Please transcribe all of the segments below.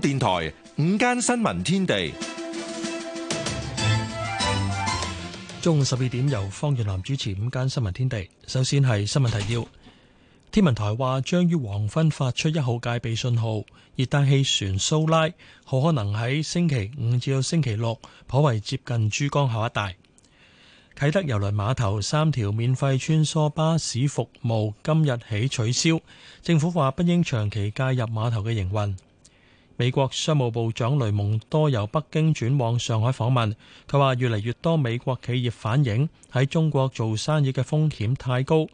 電台午間新聞天地中午十二點由方月蘭主持。午間新聞天地，首先係新聞提要。天文台話將於黃昏發出一號戒備信號，熱帶氣旋蘇拉好可能喺星期五至到星期六頗為接近珠江口一帶。啟德郵輪碼頭三條免費穿梭巴士服務今日起取消，政府話不應長期介入碼頭嘅營運。美國商務部長雷蒙多由北京轉往上海訪問，佢話，越嚟越多美國企業反映喺中國做生意嘅風險太高。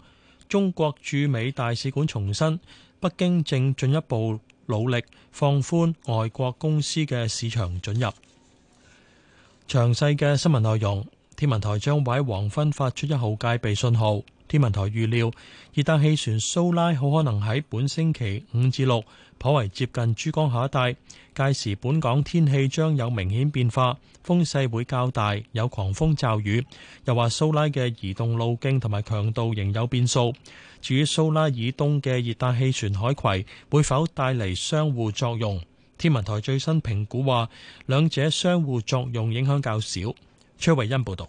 中國駐美大使館重申，北京正進一步努力放寬外國公司嘅市場準入。詳細嘅新聞內容，天文台將會喺黃昏發出一號戒備信號。天文台預料熱帶氣旋蘇拉好可能喺本星期五至六頗為接近珠江口一帶，屆時本港天氣將有明顯變化，風勢會較大，有狂風驟雨。又話蘇拉嘅移動路徑同埋強度仍有變數，至於蘇拉以東嘅熱帶氣旋海葵會否帶嚟相互作用？天文台最新評估話，兩者相互作用影響較少。崔慧恩報導。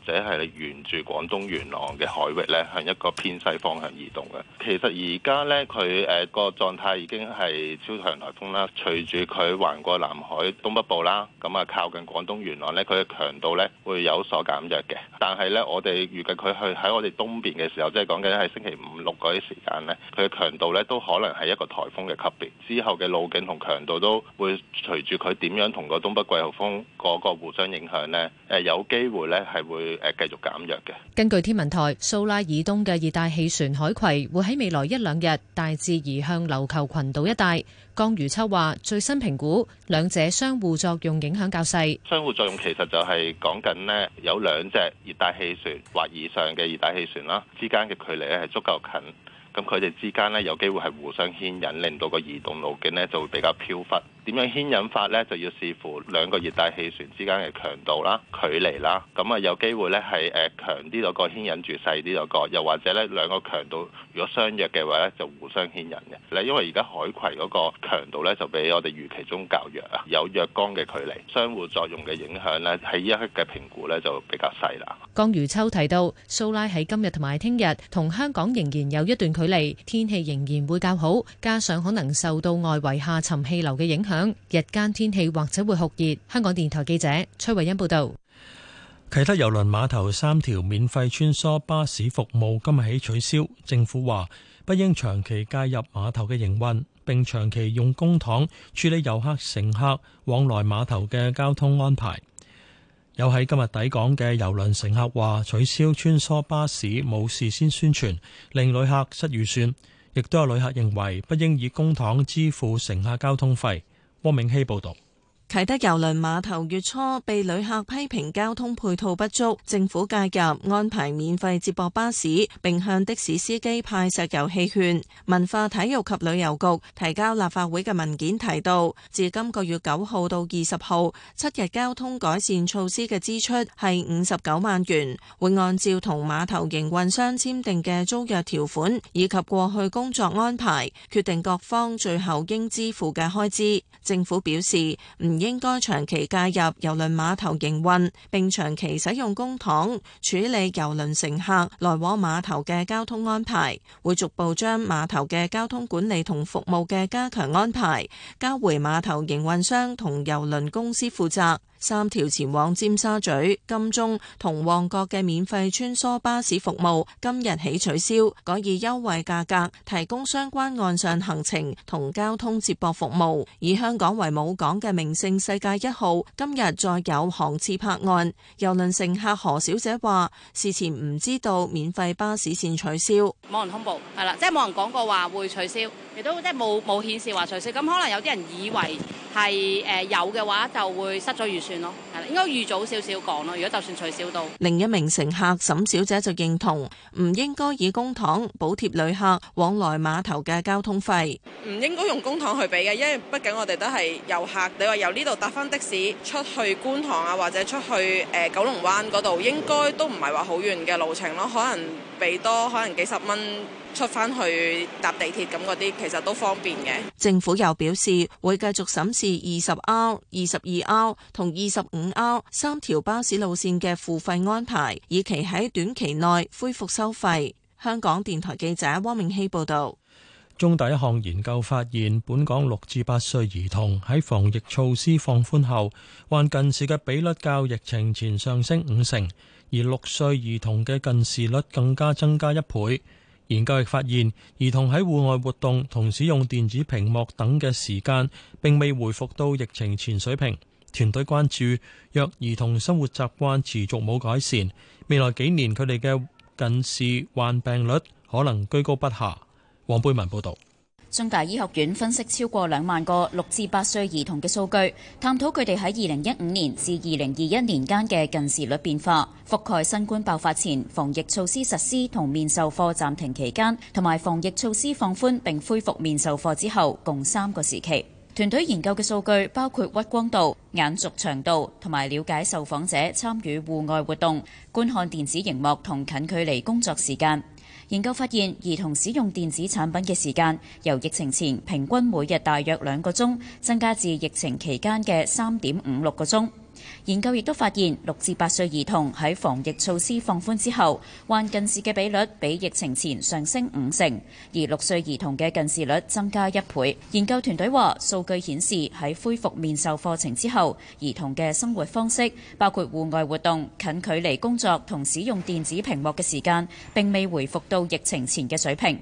或者係沿住廣東沿岸嘅海域咧，向一個偏西方向移動嘅。其實而家咧，佢誒個狀態已經係超強颱風啦。隨住佢橫過南海東北部啦，咁啊靠近廣東沿岸咧，佢嘅強度咧會有所減弱嘅。但係咧，我哋預計佢去喺我哋東邊嘅時候，即係講緊係星期五六嗰啲時間咧，佢嘅強度咧都可能係一個颱風嘅級別。之後嘅路徑同強度都會隨住佢點樣同個東北季候風嗰個互相影響咧，誒有機會咧係會。誒繼續減弱嘅。根據天文台，蘇拉以東嘅熱帶氣旋海葵會喺未來一兩日大致移向琉球群島一帶。江如秋話：最新評估，兩者相互作用影響較細。相互作用其實就係講緊呢，有兩隻熱帶氣旋或以上嘅熱帶氣旋啦，之間嘅距離咧係足夠近，咁佢哋之間呢，有機會係互相牽引，令到個移動路徑呢就會比較飄忽。點樣牽引法呢？就要視乎兩個熱帶氣旋之間嘅強度啦、距離啦。咁啊，有機會呢，係誒強啲個牽引住細啲個，又或者呢，兩個強度如果相若嘅話呢就互相牽引嘅。咧，因為而家海葵嗰個強度呢，就比我哋預期中較弱啊，有若干嘅距離，相互作用嘅影響呢，喺一刻嘅評估呢就比較細啦。江如秋提到，蘇拉喺今日同埋聽日同香港仍然有一段距離，天氣仍然會較好，加上可能受到外圍下沉氣流嘅影響。日間天氣，或者會酷熱。香港電台記者崔慧欣報道：啟德郵輪碼頭三條免費穿梭巴士服務今日起取消。政府話不應長期介入碼頭嘅營運，並長期用公帑處理遊客乘客往來碼頭嘅交通安排。有喺今日抵港嘅郵輪乘客話，取消穿梭巴士冇事先宣傳，令旅客失預算。亦都有旅客認為不應以公帑支付乘客交通費。汪明希報道。啟德郵輪碼頭月初被旅客批評交通配套不足，政府介入安排免費接駁巴士，並向的士司機派石油氣券。文化體育及旅遊局提交立法會嘅文件提到，自今個月九號到二十號七日交通改善措施嘅支出係五十九萬元，會按照同碼頭營運商簽訂嘅租約條款以及過去工作安排，決定各方最後應支付嘅開支。政府表示唔應該長期介入郵輪碼頭營運，並長期使用公帑處理郵輪乘客來往碼頭嘅交通安排，會逐步將碼頭嘅交通管理同服務嘅加強安排交回碼頭營運商同郵輪公司負責。三條前往尖沙咀、金鐘同旺角嘅免費穿梭巴士服務今日起取消，改以優惠價格提供相關岸上行程同交通接駁服務。以香港為母港嘅名勝世界一號今日再有航次泊岸，郵輪乘客何小姐話：事前唔知道免費巴士線取消，冇人通報，係啦，即係冇人講過話會取消。都即係冇冇顯示話取消，咁可能有啲人以為係誒有嘅話就會失咗預算咯，係啦，應該預早少少講咯。如果就算取消到。另一名乘客沈小姐就認同，唔應該以公帑補貼旅客往來碼頭嘅交通費，唔應該用公帑去俾嘅，因為畢竟我哋都係遊客。你話由呢度搭返的士出去觀塘啊，或者出去誒九龍灣嗰度，應該都唔係話好遠嘅路程咯，可能俾多可能幾十蚊。出翻去搭地鐵咁嗰啲，其實都方便嘅。政府又表示會繼續審視二十 R、二十二 R 同二十五 R 三條巴士路線嘅付費安排，以期喺短期內恢復收費。香港電台記者汪明希報導。中大一項研究發現，本港六至八歲兒童喺防疫措施放寬後，患近視嘅比率較疫情前上升五成，而六歲兒童嘅近視率更加增加一倍。研究亦發現兒童喺戶外活動同使用電子屏幕等嘅時間並未回復到疫情前水平。團隊關注，若兒童生活習慣持續冇改善，未來幾年佢哋嘅近視患病率可能居高不下。黃貝文報道。中大醫學院分析超過兩萬個六至八歲兒童嘅數據，探討佢哋喺二零一五年至二零二一年間嘅近視率變化，覆蓋新冠爆發前、防疫措施實施同面授課暫停期間同埋防疫措施放寬並恢復面授課之後共三個時期。團隊研究嘅數據包括屈光度、眼軸長度，同埋了解受訪者參與戶外活動觀看電子熒幕同近距離工作時間。研究發現，兒童使用電子產品嘅時間，由疫情前平均每日大約兩個鐘，增加至疫情期間嘅三點五六個鐘。研究亦都發現，六至八歲兒童喺防疫措施放寬之後，患近視嘅比率比疫情前上升五成，而六歲兒童嘅近視率增加一倍。研究團隊話，數據顯示喺恢復面授課程之後，兒童嘅生活方式，包括戶外活動、近距離工作同使用電子屏幕嘅時間，並未回復到疫情前嘅水平。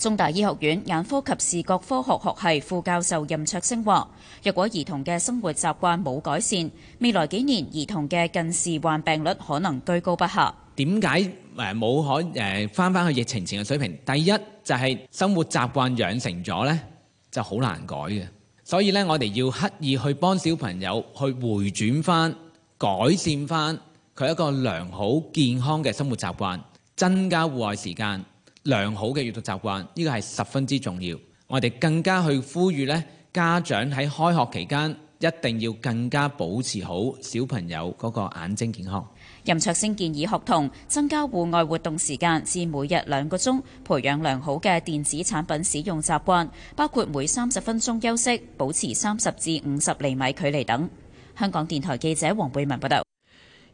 中大醫學院眼科及視覺科學學系副教授任卓昇話：若果兒童嘅生活習慣冇改善，未來幾年兒童嘅近視患病率可能居高不下。點解誒冇可誒返返去疫情前嘅水平？第一就係生活習慣養成咗呢，就好難改嘅。所以呢，我哋要刻意去幫小朋友去回轉返、改善返佢一個良好健康嘅生活習慣，增加戶外時間。良好嘅閱讀習慣，呢、這個係十分之重要。我哋更加去呼籲咧，家長喺開學期間一定要更加保持好小朋友嗰個眼睛健康。任卓星建議學童增加戶外活動時間至每日兩個鐘，培養良好嘅電子產品使用習慣，包括每三十分鐘休息，保持三十至五十厘米距離等。香港電台記者黃貝文報道。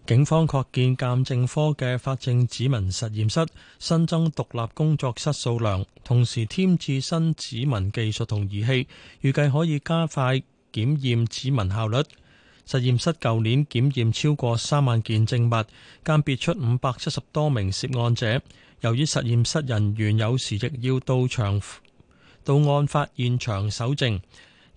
警方擴建鑑證科嘅法證指紋實驗室，新增獨立工作室數量，同時添置新指紋技術同儀器，預計可以加快檢驗指紋效率。實驗室舊年檢驗超過三萬件證物，鑑別出五百七十多名涉案者。由於實驗室人員有時亦要到場到案發現場搜證，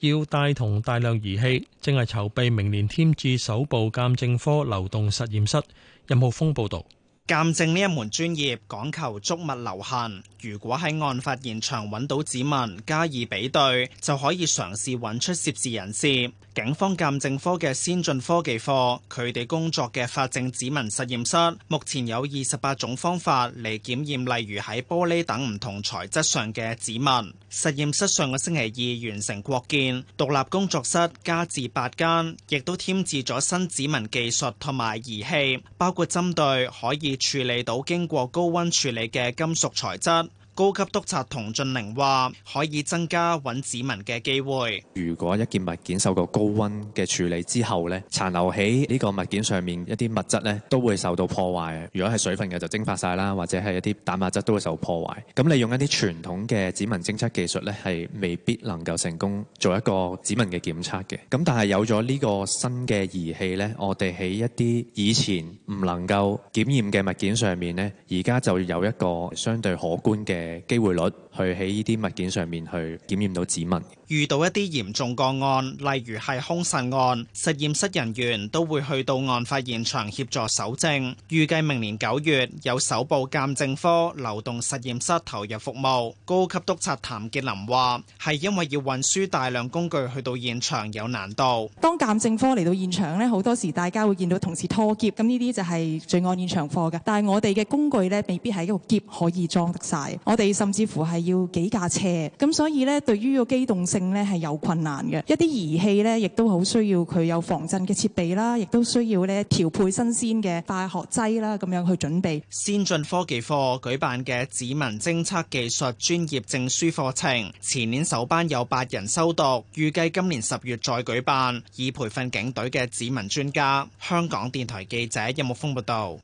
要帶同大量儀器，正係籌備明年添置首部鑑證科流動實驗室。任浩峰報導。鑑證呢一門專業講求觸物留痕，如果喺案發現場揾到指紋加以比對，就可以嘗試揾出涉事人士。警方鑑證科嘅先進科技課，佢哋工作嘅法證指紋實驗室，目前有二十八種方法嚟檢驗，例如喺玻璃等唔同材質上嘅指紋。實驗室上個星期二完成擴建，獨立工作室加至八間，亦都添置咗新指紋技術同埋儀器，包括針對可以。處理到經過高溫處理嘅金屬材質。高級督察唐俊玲話，可以增加揾指紋嘅機會。如果一件物件受過高温嘅處理之後咧，殘留喺呢個物件上面一啲物質咧，都會受到破壞。如果係水分嘅就蒸發晒啦，或者係一啲蛋白質都會受破壞。咁你用一啲傳統嘅指紋偵測技術咧，係未必能夠成功做一個指紋嘅檢測嘅。咁但係有咗呢個新嘅儀器咧，我哋喺一啲以前唔能夠檢驗嘅物件上面咧，而家就有一個相對可觀嘅機會率。去喺呢啲物件上面去檢驗到指紋，遇到一啲嚴重個案，例如係兇殺案，實驗室人員都會去到案發現場協助搜證，預計明年九月有首部鑑證科流動實驗室投入服務。高級督察譚傑林話，係因為要運輸大量工具去到現場有難度。當鑑證科嚟到現場咧，好多時大家會見到同事拖喼，咁呢啲就係罪案現場課嘅。但係我哋嘅工具咧，未必喺一個喼可以裝得晒，我哋甚至乎係。要幾架車，咁所以呢，對於個機動性呢，係有困難嘅。一啲儀器呢，亦都好需要佢有防震嘅設備啦，亦都需要呢調配新鮮嘅化學劑啦，咁樣去準備。先進科技課舉辦嘅指紋偵測技術專業證書課程，前年首班有八人修讀，預計今年十月再舉辦，以培訓警隊嘅指紋專家。香港電台記者任木豐報道。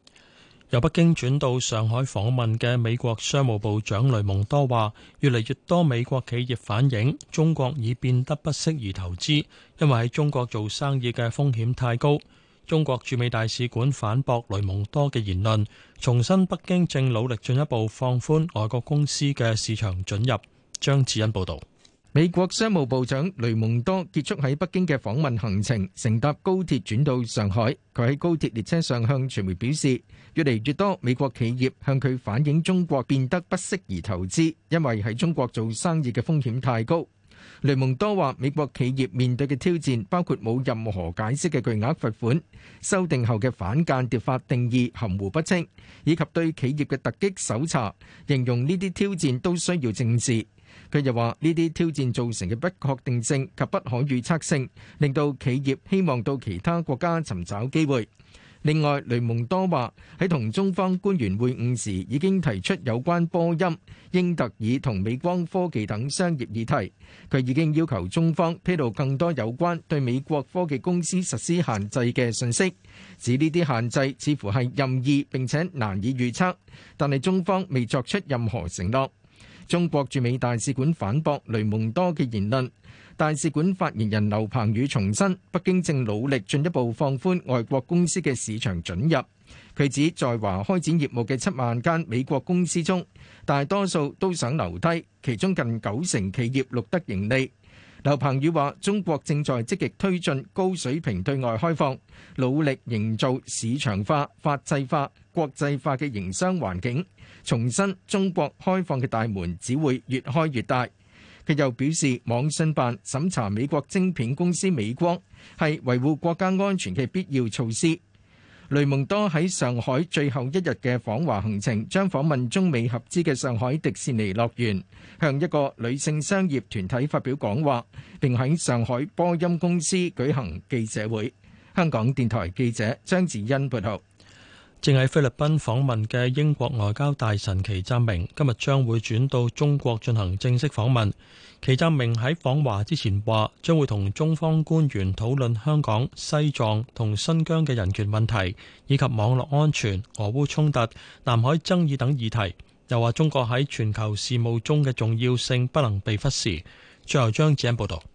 由北京轉到上海訪問嘅美國商務部長雷蒙多話，越嚟越多美國企業反映中國已變得不適宜投資，因為喺中國做生意嘅風險太高。中國駐美大使館反駁雷蒙多嘅言論，重申北京正努力進一步放寬外國公司嘅市場准入。張智恩報道。美國商務部長雷蒙多結束喺北京嘅訪問行程，乘搭高鐵轉到上海。佢喺高鐵列車上向傳媒表示，越嚟越多美國企業向佢反映中國變得不適宜投資，因為喺中國做生意嘅風險太高。雷蒙多話，美國企業面對嘅挑戰包括冇任何解釋嘅巨額罰款、修訂後嘅反間諜法定義含糊不清，以及對企業嘅突擊搜查。形容呢啲挑戰都需要政治。佢又話：呢啲挑戰造成嘅不確定性及不可預測性，令到企業希望到其他國家尋找機會。另外，雷蒙多話喺同中方官員會晤時，已經提出有關波音、英特爾同美光科技等商業議題。佢已經要求中方披露更多有關對美國科技公司實施限制嘅信息，指呢啲限制似乎係任意並且難以預測，但係中方未作出任何承諾。中國駐美大使館反駁雷蒙多嘅言論。大使館發言人劉鵬宇重申，北京正努力進一步放寬外國公司嘅市場准入。佢指，在華開展業務嘅七萬間美國公司中，大多數都想留低，其中近九成企業錄得盈利。劉鵬宇話：中國正在積極推進高水平對外開放，努力營造市場化、法製化、國際化嘅營商環境。重申中國開放嘅大門只會越開越大。佢又表示，網信辦審查美國晶片公司美光係維護國家安全嘅必要措施。雷蒙多喺上海最後一日嘅訪華行程，將訪問中美合資嘅上海迪士尼樂園，向一個女性商業團體發表講話，並喺上海波音公司舉行記者會。香港電台記者張子欣報道。正喺菲律賓訪問嘅英國外交大臣祁澤明今日將會轉到中國進行正式訪問。祁澤明喺訪華之前話，將會同中方官員討論香港、西藏同新疆嘅人權問題，以及網絡安全、俄烏衝突、南海爭議等議題。又話中國喺全球事務中嘅重要性不能被忽視。最後將指引報導，張子恩報道。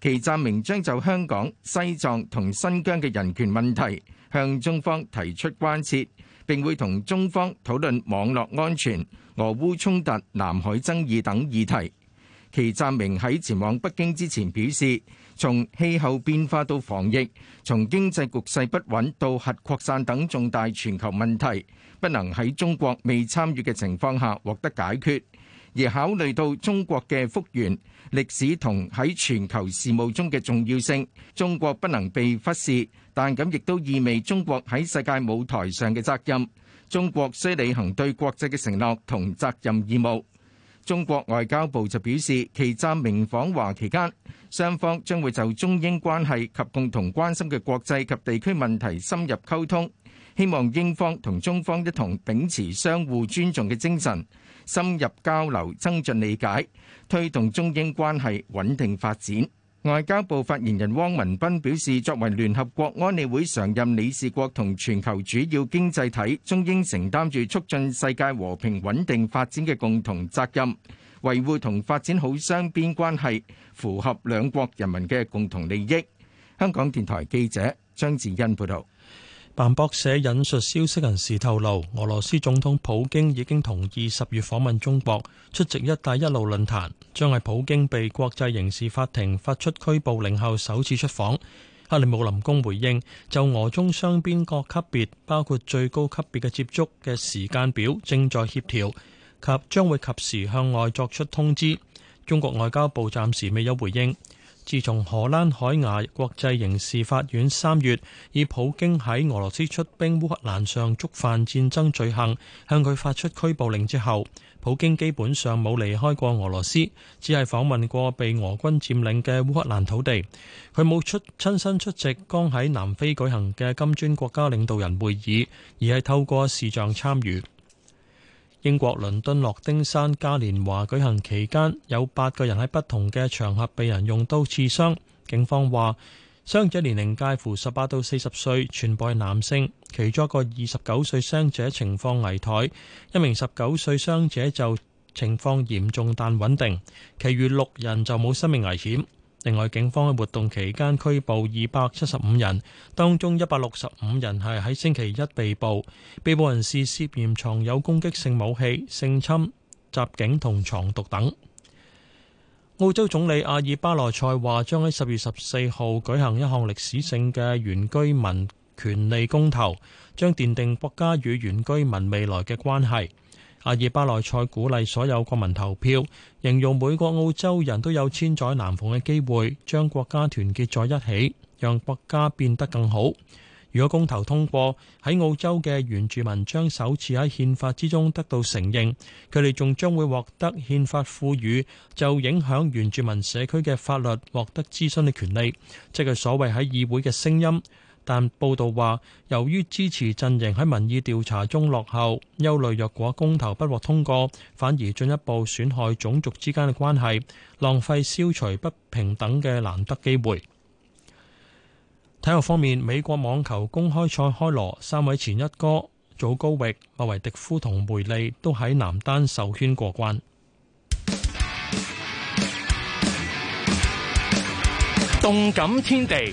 祁湛明將就香港、西藏同新疆嘅人權問題向中方提出關切，並會同中方討論網絡安全、俄烏衝突、南海爭議等議題。祁湛明喺前往北京之前表示，從氣候變化到防疫，從經濟局勢不穩到核擴散等重大全球問題，不能喺中國未參與嘅情況下獲得解決。而考慮到中國嘅幅員歷史同喺全球事務中嘅重要性，中國不能被忽視，但咁亦都意味中國喺世界舞台上嘅責任。中國需履行對國際嘅承諾同責任義務。中國外交部就表示，祈湛明訪華期間，雙方將會就中英關係及共同關心嘅國際及地區問題深入溝通，希望英方同中方一同秉持相互尊重嘅精神，深入交流、增進理解，推動中英關係穩定發展。外交部發言人汪文斌表示，作為聯合國安理會常任理事國同全球主要經濟體，中英承擔住促進世界和平穩定發展嘅共同責任，維護同發展好雙邊關係，符合兩國人民嘅共同利益。香港電台記者張志恩報道。彭博社引述消息人士透露，俄羅斯總統普京已經同意十月訪問中國，出席“一帶一路”論壇，將係普京被國際刑事法庭發出拘捕令後首次出訪。克里姆林宮回應就俄中雙邊各級別，包括最高級別嘅接觸嘅時間表正在協調，及將會及時向外作出通知。中國外交部暫時未有回應。自從荷蘭海牙國際刑事法院三月以普京喺俄羅斯出兵烏克蘭上觸犯戰爭罪行，向佢發出拘捕令之後，普京基本上冇離開過俄羅斯，只係訪問過被俄軍佔領嘅烏克蘭土地。佢冇出，親身出席剛喺南非舉行嘅金磚國家領導人會議，而係透過視像參與。英國倫敦諾丁山嘉年華舉行期間，有八個人喺不同嘅場合被人用刀刺傷。警方話，傷者年齡介乎十八到四十歲，全部係男性。其中一個二十九歲傷者情況危殆，一名十九歲傷者就情況嚴重但穩定，其餘六人就冇生命危險。另外，警方喺活動期間拘捕二百七十五人，當中一百六十五人係喺星期一被捕。被捕人士涉嫌藏有攻擊性武器、性侵、襲警同藏毒等。澳洲總理阿爾巴萊塞話將喺十月十四號舉行一項歷史性嘅原居民權利公投，將奠定國家與原居民未來嘅關係。阿爾巴內塞鼓勵所有國民投票，形容每個澳洲人都有千載難逢嘅機會，將國家團結在一起，讓國家變得更好。如果公投通過，喺澳洲嘅原住民將首次喺憲法之中得到承認，佢哋仲將會獲得憲法賦予就影響原住民社區嘅法律獲得諮詢嘅權利，即係所謂喺議會嘅聲音。但報道話，由於支持陣營喺民意調查中落後，憂慮若果公投不獲通過，反而進一步損害種族之間嘅關係，浪費消除不平等嘅難得機會。體育方面，美國網球公開賽開鑼，三位前一哥，祖高域、麥維迪夫同梅利都喺男單首圈過關。動感天地。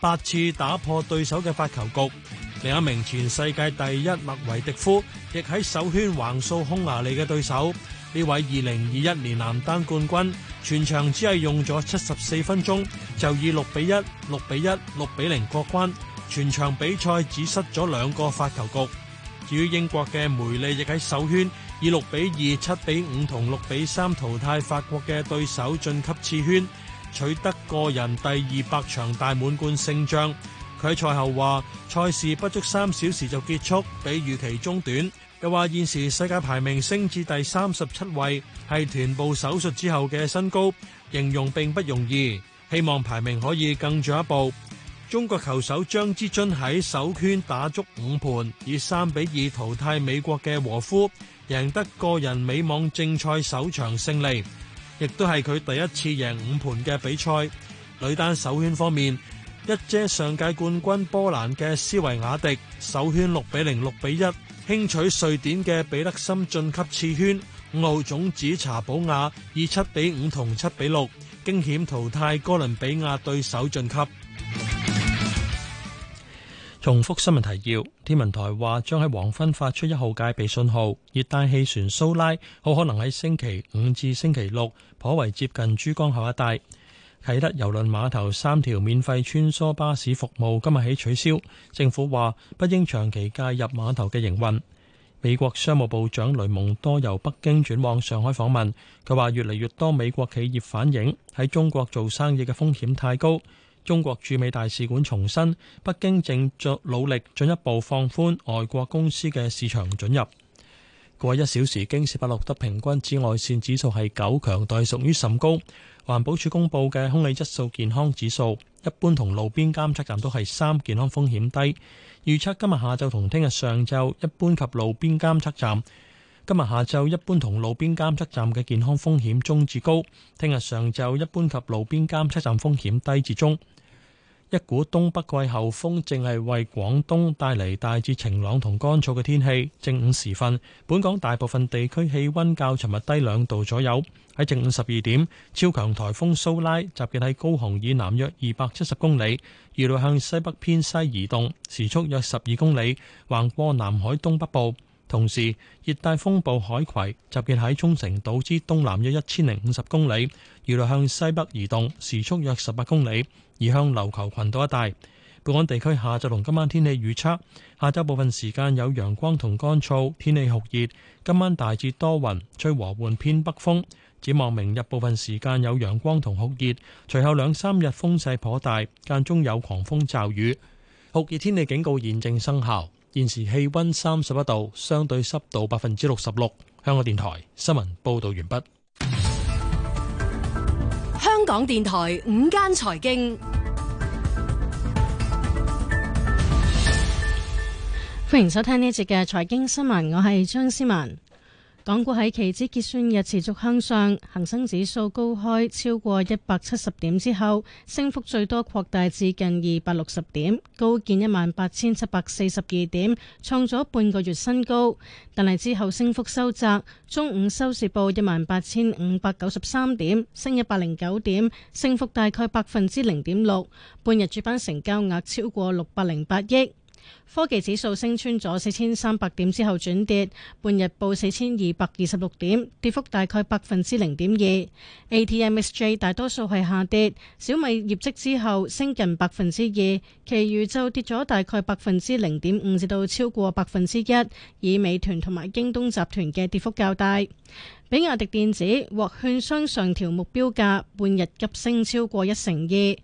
八次打破對手嘅發球局，另一名全世界第一麥維迪夫亦喺首圈橫掃匈，匈牙利嘅對手。呢位二零二一年男單冠軍，全場只係用咗七十四分鐘就以六比一、六比一、六比零過關，全場比賽只失咗兩個發球局。至於英國嘅梅利，亦喺首圈以六比二、七比五同六比三淘汰法國嘅對手晉級次圈。取得個人第二百場大滿貫勝仗，佢喺賽後話賽事不足三小時就結束，比預期中短。又話現時世界排名升至第三十七位，係臀部手術之後嘅新高，形容並不容易，希望排名可以更進一步。中國球手張之臻喺首圈打足五盤，以三比二淘汰美國嘅和夫，贏得個人美網正賽首場勝利。亦都係佢第一次贏五盤嘅比賽。女單首圈方面，一姐上屆冠軍波蘭嘅斯維亞迪，首圈六比零、六比一輕取瑞典嘅彼得森，晉級次圈。澳總子查保亞以七比五同七比六驚險淘汰哥倫比亞對手晉級。重複新聞提要。天文台話將喺黃昏發出一號戒備信號。熱帶氣旋蘇拉好可能喺星期五至星期六頗為接近珠江口一帶。啟德郵輪碼頭三條免費穿梭巴士服務今日起取消。政府話不應長期介入碼頭嘅營運。美國商務部長雷蒙多由北京轉往上海訪問。佢話越嚟越多美國企業反映喺中國做生意嘅風險太高。中國駐美大使館重申，北京正著努力進一步放寬外國公司嘅市場准入。過一小時，京四百六的平均紫外線指數係九強，但係屬於甚高。環保署公布嘅空氣質素健康指數，一般同路邊監測站都係三，健康風險低。預測今日下晝同聽日上晝，一般及路邊監測站今日下晝一般同路邊監測站嘅健康風險中至高，聽日上晝一般及路邊監測站風險低至中。一股東北季候風正係為廣東帶嚟大致晴朗同乾燥嘅天氣。正午時分，本港大部分地區氣溫較尋日低兩度左右。喺正午十二點，超強台風蘇拉集結喺高雄以南約二百七十公里，預料向西北偏西移動，時速約十二公里，橫過南海東北部。同時，熱帶風暴海葵集結喺沖繩島之東南約一千零五十公里，預料向西北移動，時速約十八公里，移向琉球群島一帶。本港地區下晝同今晚天氣預測：下晝部分時間有陽光同乾燥，天氣酷熱；今晚大致多雲，吹和緩偏北風。展望明日部分時間有陽光同酷熱，隨後兩三日風勢頗大，間中有狂風驟雨。酷熱天氣警告現正生效。現時氣溫三十一度，相對濕度百分之六十六。香港電台新聞報道完畢。香港電台午間財經，歡迎收聽呢一節嘅財經新聞，我係張思文。港股喺期指結算日持續向上，恒生指數高開超過一百七十點之後，升幅最多擴大至近二百六十點，高見一萬八千七百四十二點，創咗半個月新高。但係之後升幅收窄，中午收市報一萬八千五百九十三點，升一百零九點，升幅大概百分之零點六。半日主板成交額超過六百零八億。科技指數升穿咗四千三百點之後轉跌，半日報四千二百二十六點，跌幅大概百分之零點二。ATMSJ 大多數係下跌，小米業績之後升近百分之二，其餘就跌咗大概百分之零點五至到超過百分之一，以美團同埋京東集團嘅跌幅較大。比亞迪電子獲券商上調目標價，半日急升超過一成二。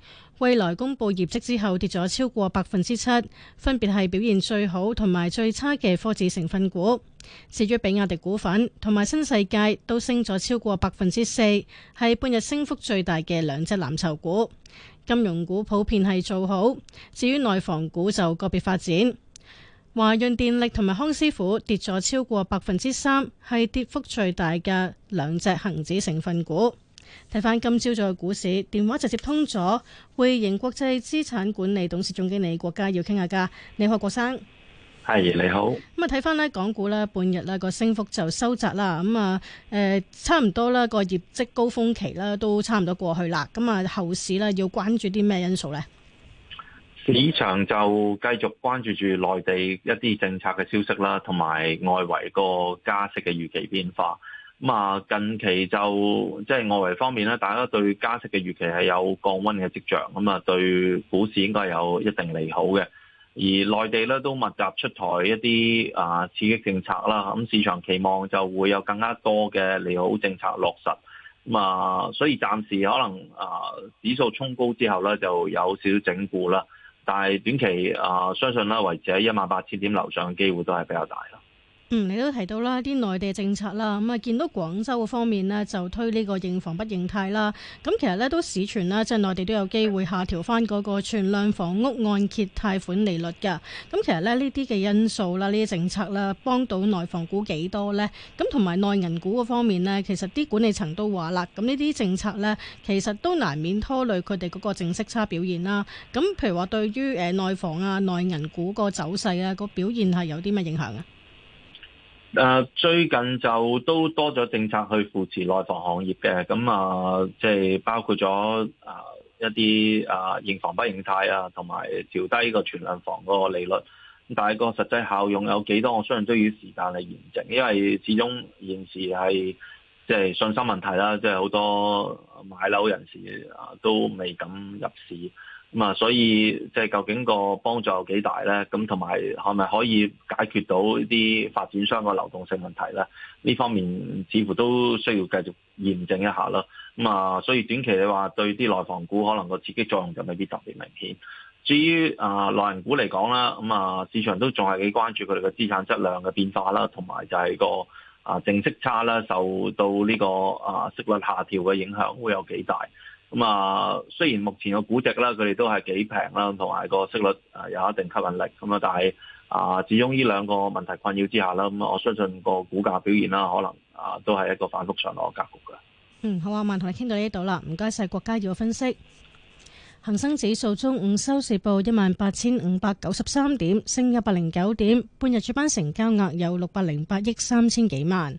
未來公布業績之後跌咗超過百分之七，分別係表現最好同埋最差嘅科指成分股。至於比亞迪股份同埋新世界都升咗超過百分之四，係半日升幅最大嘅兩隻藍籌股。金融股普遍係做好，至於內房股就個別發展。華潤電力同埋康師傅跌咗超過百分之三，係跌幅最大嘅兩隻恒指成分股。睇翻今朝早嘅股市，電話直接通咗匯盈國際資產管理董事總經理郭家耀。要傾下噶，你好郭生，係你好。咁啊，睇翻呢港股呢，半日呢個升幅就收窄啦。咁、嗯、啊，誒、呃，差唔多啦，個業績高峰期呢，都差唔多過去啦。咁、嗯、啊，後市呢要關注啲咩因素呢？市場就繼續關注住內地一啲政策嘅消息啦，同埋外圍個加息嘅預期變化。咁啊，近期就即係外圍方面咧，大家對加息嘅預期係有降溫嘅跡象，咁啊，對股市應該有一定利好嘅。而內地咧都密集出台一啲啊刺激政策啦，咁啊，市場期望就會有更加多嘅利好政策落實。咁啊，所以暫時可能啊指數衝高之後咧就有少少整固啦，但係短期啊相信啦，維持喺一萬八千點樓上嘅機會都係比較大啦。嗯，你都提到啦，啲內地政策啦，咁、嗯、啊，見到廣州嘅方面呢，就推呢個認房不認貸啦。咁、嗯、其實呢，都市傳啦，即、就、係、是、內地都有機會下調翻嗰個存量房屋按揭貸款利率㗎。咁、嗯、其實咧呢啲嘅因素啦，呢啲政策啦，幫到內房股幾多呢？咁同埋內銀股嘅方面呢，其實啲管理層都話啦，咁呢啲政策呢，其實都難免拖累佢哋嗰個淨息差表現啦。咁、嗯、譬如話對於誒、呃、內房啊、內銀股個走勢啊、個表現係有啲乜影響啊？誒，最近就都多咗政策去扶持內房行業嘅，咁啊，即係包括咗啊一啲啊認房不認貸啊，同埋調低個存量房個利率。但係個實際效用有幾多，我相信都要時間嚟驗證，因為始終現時係即係信心問題啦，即係好多買樓人士啊都未敢入市。嗯咁啊、嗯，所以即係、就是、究竟個幫助有幾大咧？咁同埋係咪可以解決到啲發展商個流動性問題咧？呢方面、嗯、似乎都需要繼續驗證一下啦。咁、嗯、啊、嗯，所以短期你話對啲內房股可能個刺激作用就未必特別明顯。至於、呃人嗯、啊內銀股嚟講啦，咁啊市場都仲係幾關注佢哋嘅資產質量嘅變化啦，同埋就係個啊淨息差啦，受到呢、這個啊息率下調嘅影響會有幾大。咁啊、嗯，雖然目前個估值啦，佢哋都係幾平啦，同埋個息率誒有一定吸引力咁啊，但係啊、呃，始終呢兩個問題困擾之下啦，咁、嗯、啊，我相信個股價表現啦，可能啊都係一個反覆上落嘅格局㗎。嗯，好，阿文同你傾到呢度啦，唔該晒郭嘉耀嘅分析。恒生指數中午收市報一萬八千五百九十三點，升一百零九點。半日主板成交額有六百零八億三千幾萬。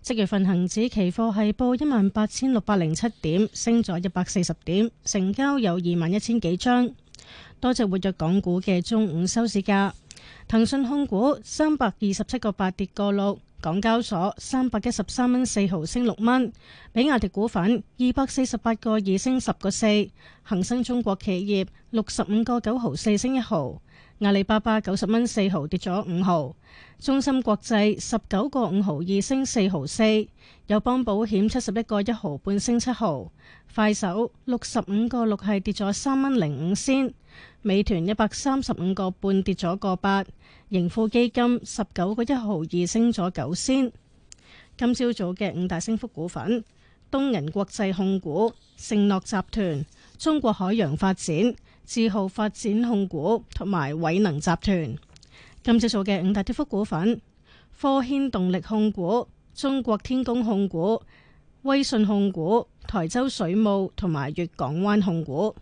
即月份恒指期貨係報一萬八千六百零七點，升咗一百四十點，成交有二萬一千幾張。多隻活躍港股嘅中午收市價。騰訊控股三百二十七個八跌個六。港交所三百一十三蚊四毫升六蚊，比亞迪股份二百四十八個二升十個四，恒生中國企業六十五個九毫四升一毫。阿里巴巴九十蚊四毫跌咗五毫，中芯國際十九個五毫二升四毫四，友邦保險七十一個一毫半升七毫，快手六十五個六係跌咗三蚊零五仙，美團一百三十五個半跌咗個八，盈富基金十九個一毫二升咗九仙，今朝早嘅五大升幅股份：東銀國際控股、盛諾集團、中國海洋發展。智豪發展控股同埋偉能集團，今朝早嘅五大跌幅股份：科軒動力控股、中國天工控股、威信控股、台州水務同埋粵港灣控股。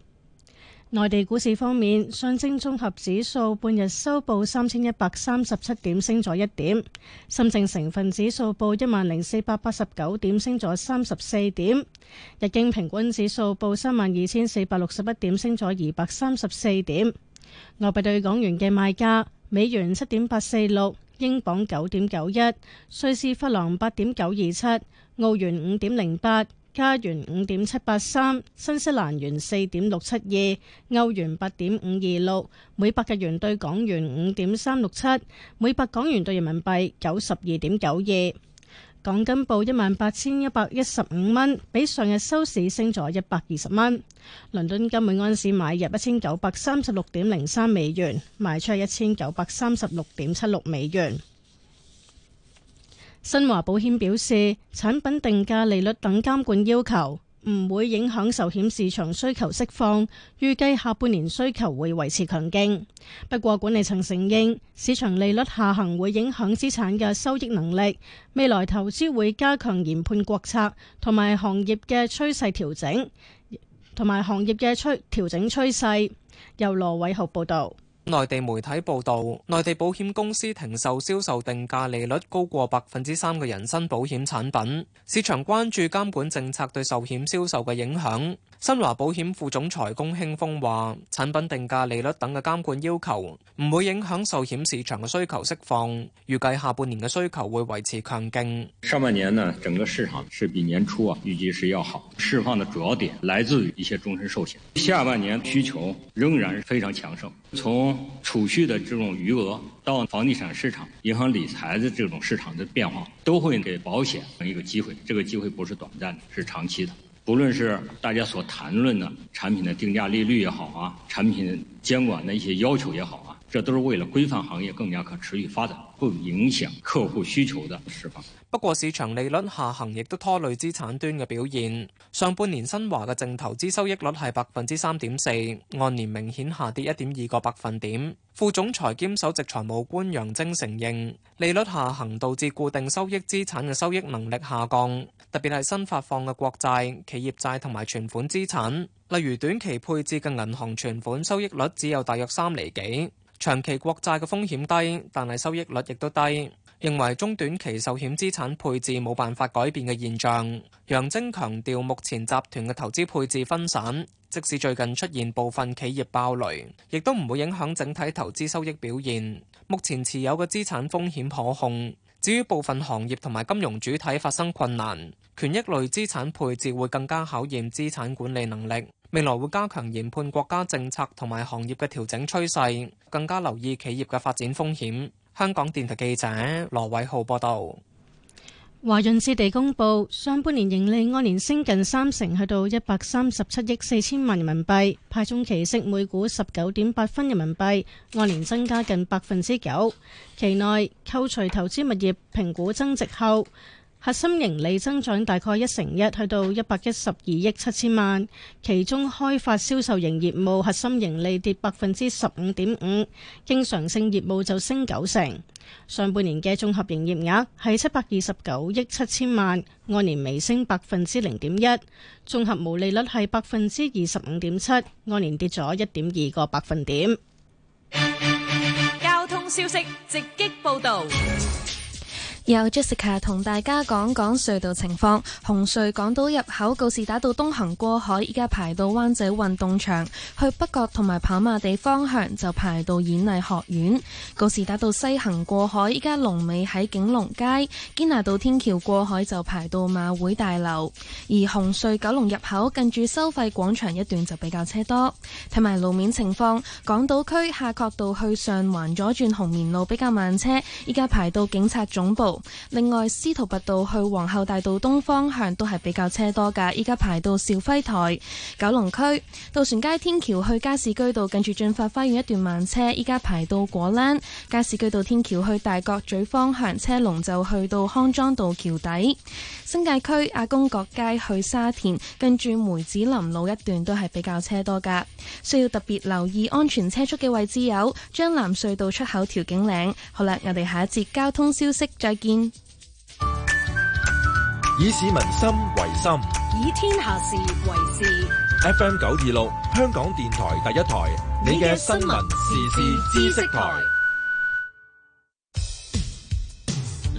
內地股市方面，上證綜合指數半日收報三千一百三十七點，升咗一點；深證成分指數報一萬零四百八十九點，升咗三十四點；日經平均指數報三萬二千四百六十一點，升咗二百三十四點。外幣兌港元嘅賣價：美元七點八四六，英鎊九點九一，瑞士法郎八點九二七，澳元五點零八。加元五點七八三，3, 新西蘭元四點六七二，歐元八點五二六，每百日元兌港元五點三六七，每百港元兌人民幣九十二點九二。港金報一萬八千一百一十五蚊，比上日收市升咗一百二十蚊。倫敦金每安士買入一千九百三十六點零三美元，賣出一千九百三十六點七六美元。新華保險表示，產品定價利率等監管要求唔會影響壽險市場需求釋放，預計下半年需求會維持強勁。不過管理層承認，市場利率下行會影響資產嘅收益能力，未來投資會加強研判國策同埋行業嘅趨勢調整。同埋行業嘅趨調整趨勢。由羅偉豪報道。內地媒體報道，內地保險公司停售銷售定價利率高過百分之三嘅人身保險產品，市場關注監管政策對壽險銷售嘅影響。新華保險副總裁龔興峰話：產品定價利率等嘅監管要求唔會影響壽險市場嘅需求釋放，預計下半年嘅需求會維持強勁。上半年呢，整個市場是比年初啊預計是要好，釋放的主要點來自於一些終身壽險。下半年需求仍然非常強盛，從儲蓄的這種餘額到房地產市場、銀行理財的這種市場的變化，都會給保險一個機會。這個機會不是短暫，是長期的。無論是大家所談論的產品的定價利率也好啊，產品監管的一些要求也好啊。這都是為了規範行業，更加可持續發展，不影響客戶需求的釋放。不過，市場利率下行亦都拖累資產端嘅表現。上半年新華嘅淨投資收益率係百分之三點四，按年明顯下跌一點二個百分點。副總裁兼首席財務官楊徵承認，利率下行導致固定收益資產嘅收益能力下降，特別係新發放嘅國債、企業債同埋存款資產。例如短期配置嘅銀行存款收益率只有大約三厘幾。長期國債嘅風險低，但係收益率亦都低。認為中短期壽險資產配置冇辦法改變嘅現象。楊晶強調，目前集團嘅投資配置分散，即使最近出現部分企業爆雷，亦都唔會影響整體投資收益表現。目前持有嘅資產風險可控。至於部分行業同埋金融主體發生困難，權益類資產配置會更加考驗資產管理能力。未來會加強研判國家政策同埋行業嘅調整趨勢，更加留意企業嘅發展風險。香港電台記者羅偉浩報道。華潤置地公布上半年盈利按年升近三成，去到一百三十七億四千萬人民幣，派中期息每股十九點八分人民幣，按年增加近百分之九。期內扣除投資物業評估增值後，核心盈利增長大概一成一，去到一百一十二億七千萬。其中開發銷售型業務核心盈利跌百分之十五點五，經常性業務就升九成。上半年嘅綜合營業額係七百二十九億七千萬，按年微升百分之零點一。綜合毛利率係百分之二十五點七，按年跌咗一點二個百分點。交通消息直擊報道。有 Jessica 同大家講講隧道情況。紅隧港島入口告士打道東行過海，依家排到灣仔運動場；去北角同埋跑馬地方向就排到演藝學院。告士打道西行過海，依家龍尾喺景隆街。堅拿道天橋過海就排到馬會大樓。而紅隧九龍入口近住收費廣場一段就比較車多。睇埋路面情況，港島區夏慤道去上環左轉紅棉路比較慢車，依家排到警察總部。另外，司徒拔道去皇后大道東方向都係比較車多噶，依家排到兆輝台。九龍區，渡船街天橋去加士居道近住駿發花園一段慢車，依家排到果欄。加士居道天橋去大角咀方向，車龍就去到康莊道橋底。新界區阿公角街去沙田，跟住梅子林路一段都係比較車多噶，需要特別留意安全車速嘅位置有將南隧道出口、調景嶺。好啦，我哋下一節交通消息再見。以市民心為心，以天下事為事。FM 九二六，香港電台第一台，你嘅新聞時事知識台。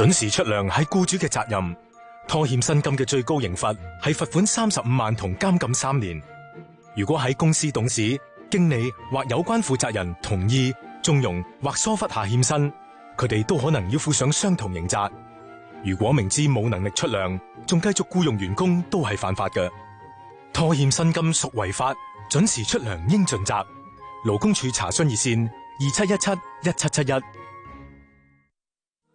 準時出糧係雇主嘅責任，拖欠薪金嘅最高刑罰係罰款三十五萬同監禁三年。如果喺公司董事、經理或有關負責人同意、縱容或疏忽下欠薪，佢哋都可能要負上相同刑責。如果明知冇能力出糧，仲繼續僱用員工都係犯法嘅。拖欠薪金屬違法，準時出糧應盡責。勞工處查詢熱線：二七一七一七七一。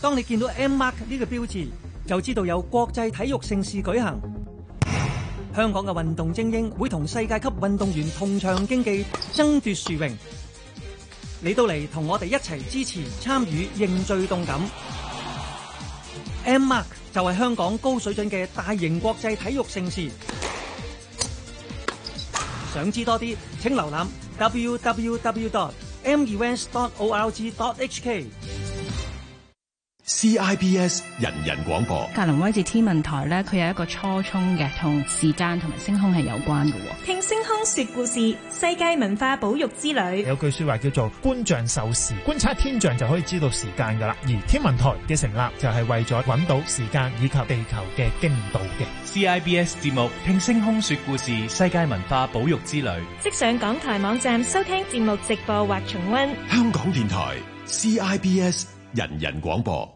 當你見到 M Mark 呢個標誌，就知道有國際體育盛事舉行。香港嘅運動精英會同世界級運動員同場競技，爭奪殊榮。你到嚟同我哋一齊支持、參與、凝聚動感。M Mark 就係香港高水準嘅大型國際體育盛事。想知多啲，請瀏覽 www.mevents.org.hk CIBS 人人廣播，格林威治天文台咧，佢有一個初衷嘅，同時間同埋星空係有關嘅。聽星空說故事，世界文化保育之旅。有句說話叫做觀象授時，觀察天象就可以知道時間噶啦。而天文台嘅成立就係為咗揾到時間以及地球嘅經度嘅。CIBS 節目聽星空說故事，世界文化保育之旅。即上港台網站收聽節目直播或重溫。香港電台 CIBS 人、人人廣播。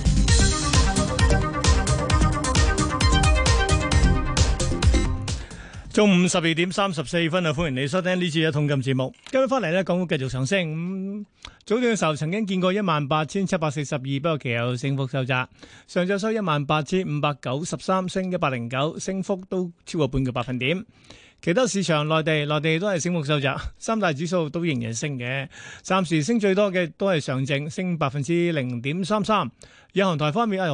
中午十二點三十四分啊！歡迎你收聽呢次嘅通金節目。今日翻嚟呢，港股繼續上升。咁早段嘅時候曾經見過一萬八千七百四十二，不過其有升幅收窄。上晝收一萬八千五百九十三，升一百零九，升幅都超過半個百分點。其他市場內地內地都係升幅收窄，三大指數都仍然升嘅。暫時升最多嘅都係上證，升百分之零點三三。有行台方面啊。